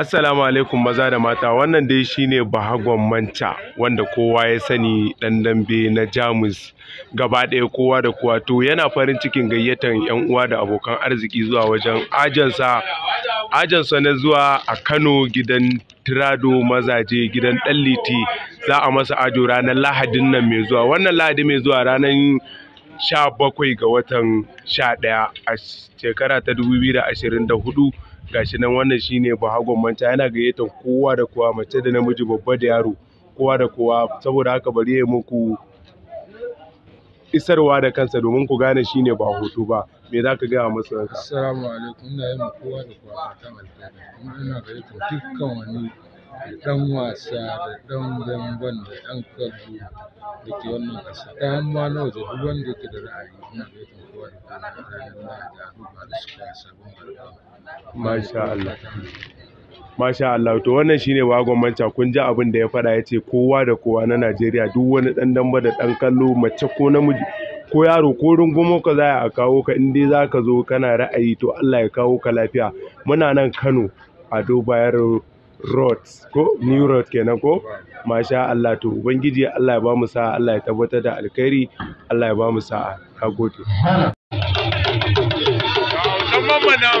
Assalamu alaikum maza da mata wannan dai shine bahagon manca wanda kowa ya sani dan dambe na Jamus gaba ɗaya kowa da kowa to yana farin cikin gayyatar yan uwa da abokan arziki zuwa wajen ajansa ajansa na zuwa a Kano gidan Tirado mazaje gidan Liti za a masa ajo ranar Lahadin nan mai zuwa wannan Lahadi mai zuwa ranar sha bakwai ga watan sha ɗaya a shekara ta dubu biyu da ashirin da hudu gashi nan wannan shine bahagon manta yana gayyatar kowa da kowa mace da namiji babba da yaro kowa da kowa saboda haka bari ya muku isarwa da kansa domin ku gane shine ba hoto ba me za ka gaya masa assalamu alaikum ina yin kowa da kowa ta alheri kuma ina gayyatar dukkan wani da ɗan wasa da ɗan damben da ɗan kallo da ke wannan ƙasa ta ma na waje duk wanda ke da ra'ayi ina da yakin kowa da kowa da ranar lahadi da duba da suka yi sabon garba. Masha Allah. Masha Allah to wannan shine wagon manca kun ji abin da ya faɗa ya ce kowa da kowa na Najeriya duk wani ɗan damba da ɗan kallo mace ko namiji ko yaro ko rungumo ka za a kawo ka in dai za ka zo kana ra'ayi to Allah ya kawo ka lafiya muna nan Kano a dubayar road ko new road kenan ko masha Allah to ubangiji Allah ya bamu sa'a Allah ya tabbatar da alkhairi Allah ya bamu sa'a nagode Mamma now.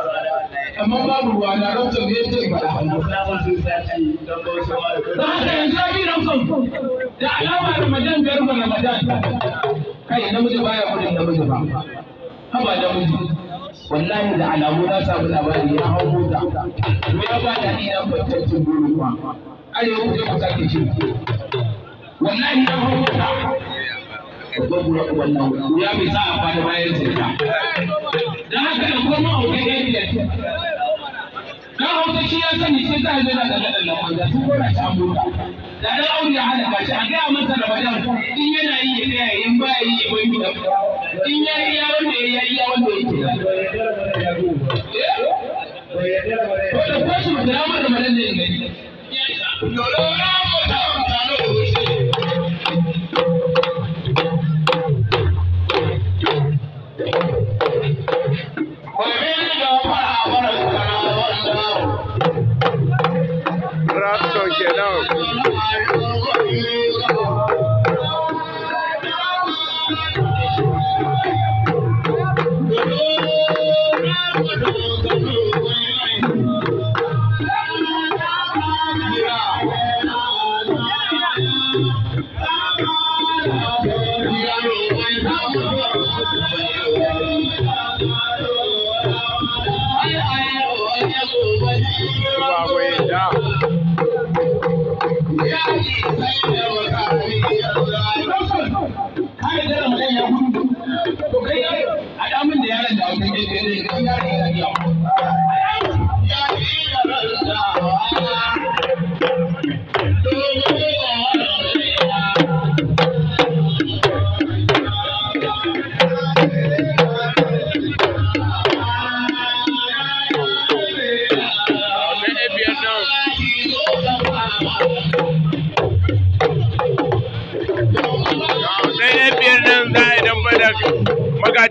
amma babu ruwa na rantsar da ya ce ba da hannu. Da haka yanzu a bi rantsar da alama da Ramadan biyar ba Ramadan. Kai namiji baya kudin namiji ba. Haba namiji. Wallahi da alamu na samu labari ya hau mota. Kuma ya ba da ni na kwantaccen burin ba. Arewa kuɗin ku sake shi. Wallahi na hau mota. Babban gura wannan Ya mai sa a fada bayan sai ta. Da haka da kuma auren yan biyar. na hausa ya sani shi ta zai da su ta mota da dan aure ya halaka shi a gaya masa da in yana yi ya tsaya in ba yi ya bai da in ya yi ya wanda ya yi ya wanda ko da da madan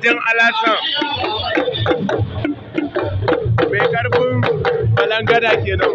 wajen Alasan mai karfin balangada kenan.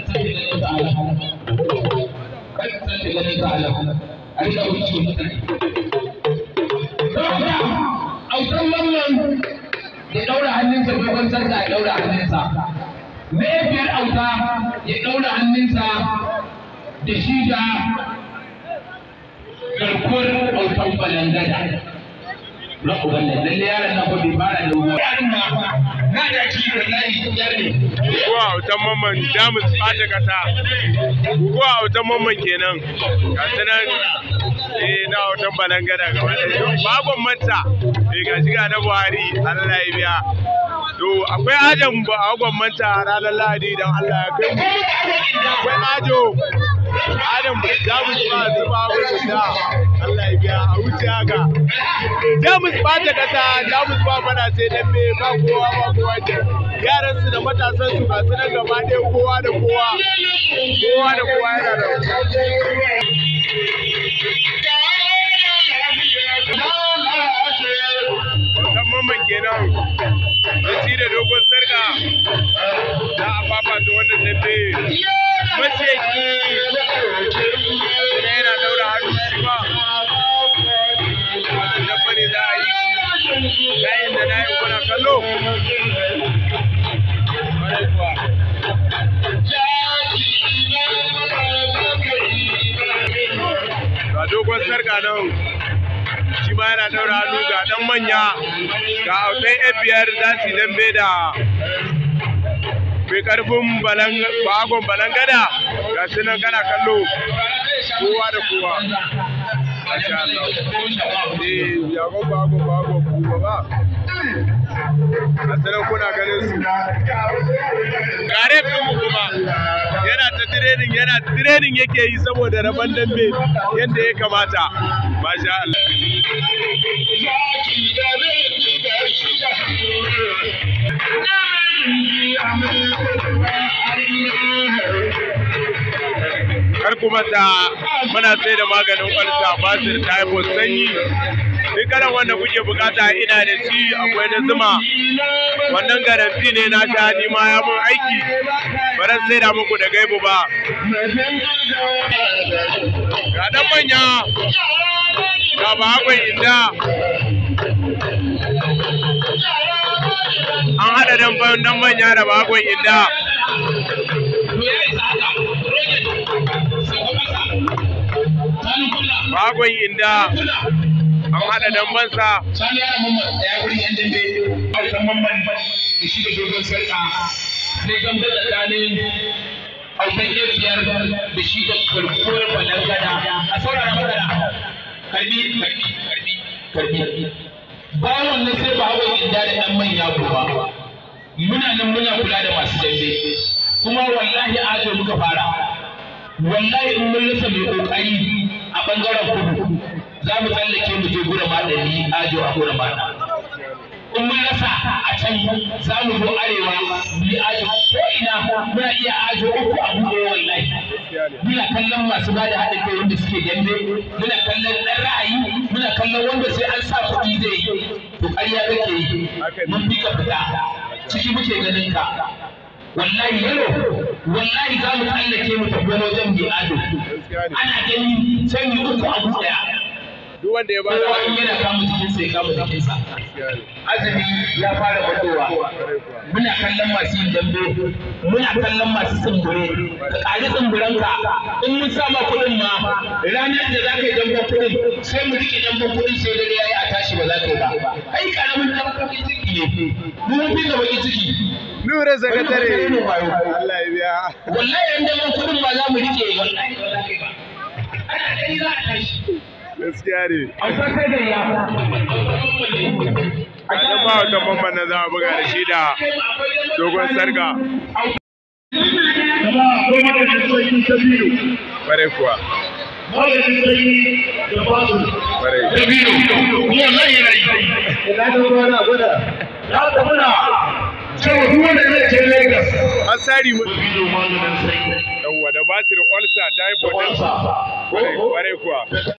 الذي فعله أو ya ɗaura hannunsa dogon sarka ya ɗaura hannunsa mahaifiyar auta ya ɗaura hannunsa da shi da garkuwar na ubannin lalle yaran fara da ruwa Ko a wutan mamman Jamus ɓata ƙasa. Ko a wutan mamman kenan. Ga su nan eh na wutan balangada gaba ɗaya. Babban manta. Eh ga shiga na Buhari Allah ya biya. To akwai ajan ba a gwamnati a ranar Lahadi don Allah ya kai mu. Akwai ajo Adam za mu zuba zuba wurin da Allah ya biya a wuce haka. Jamus ba ta kasa Jamus ba mana sai dambe ba kowa ba kowa ce yaran su da matasan su masu nan gaba ɗaya kowa da kowa kowa da kowa yana da Dan mamman kenan da shi da dogon sarka dogon sarga nan shi ma yana daura hannu ga dan manya ga autan fbr za su dambe da mai karfin bagon balangada ga su nan kana kallo kowa da kowa eh, ganin su gare kuma yana training yana training yake yi saboda rabon dambe yadda ya kamata masha Allah kar kuma ta muna sai da maganin kwalta basir typhoid sanyi duk karan wanda kuke bukata ina da shi akwai na zuma wannan garanti ne na ta ni ma ya mun aiki ba sai da muku da gaibu ba ga dan manya ga akwai inda an haɗa dan dan manya da akwai inda bakon inda an haɗa dambansa sani yana mamman ɗaya wurin yan dambe autan man da shi da dogon sarka sai gambe tsakanin autan ke biyar da shi da karkuwar balangada a saurara magana karbi karbi karbi karbi bayan sai ba hawa gida da ɗan manya ba. muna nan muna kula da masu dambe kuma wallahi ajo muka fara wallahi in mun rasa mai kokari a bangaren kudu za mu tsallake mu je gurin maɗani ajo a gurin maɗa in mun rasa a can za mu zo arewa bi yi ajo ko ina muna iya ajo uku a buɗe wallahi muna kallon masu bada haɗin kai wanda suke dambe muna kallon ɗan ra'ayi muna kallon wanda sai an sa kuɗi zai yi to ƙarya kake yi mun bi ka fita ciki muke ganin ka wallahi yalo wallahi za mu tsallake mu tafi wajen bi ado ana gani sai mu uku abu ɗaya duk wanda ya bada wani yana kamun cikin sai kamun cikin sa azumi ya fara fitowa muna kallon masu yin dambe muna kallon masu tsumbure ka kari tsumburanka in mun sa ma kuɗin ma ranar da za ka yi damben kuɗin sai mu rike damben kuɗin sai dare ya yi a tashi ba za ka yi ba ai karamin damben ciki ne mun fi da baki ciki Nura zakatare Allah ya biya wallahi yan damben kuɗin ba za mu rike wallahi ba za ka yi ba ana dai za a tashi gaskiya ne a nan ba wata mamban na za a buga da shi da dogon sarga bare kuwa Asari mu. Yawwa da basir olsa ta yi potensa. Kwarai kuwa.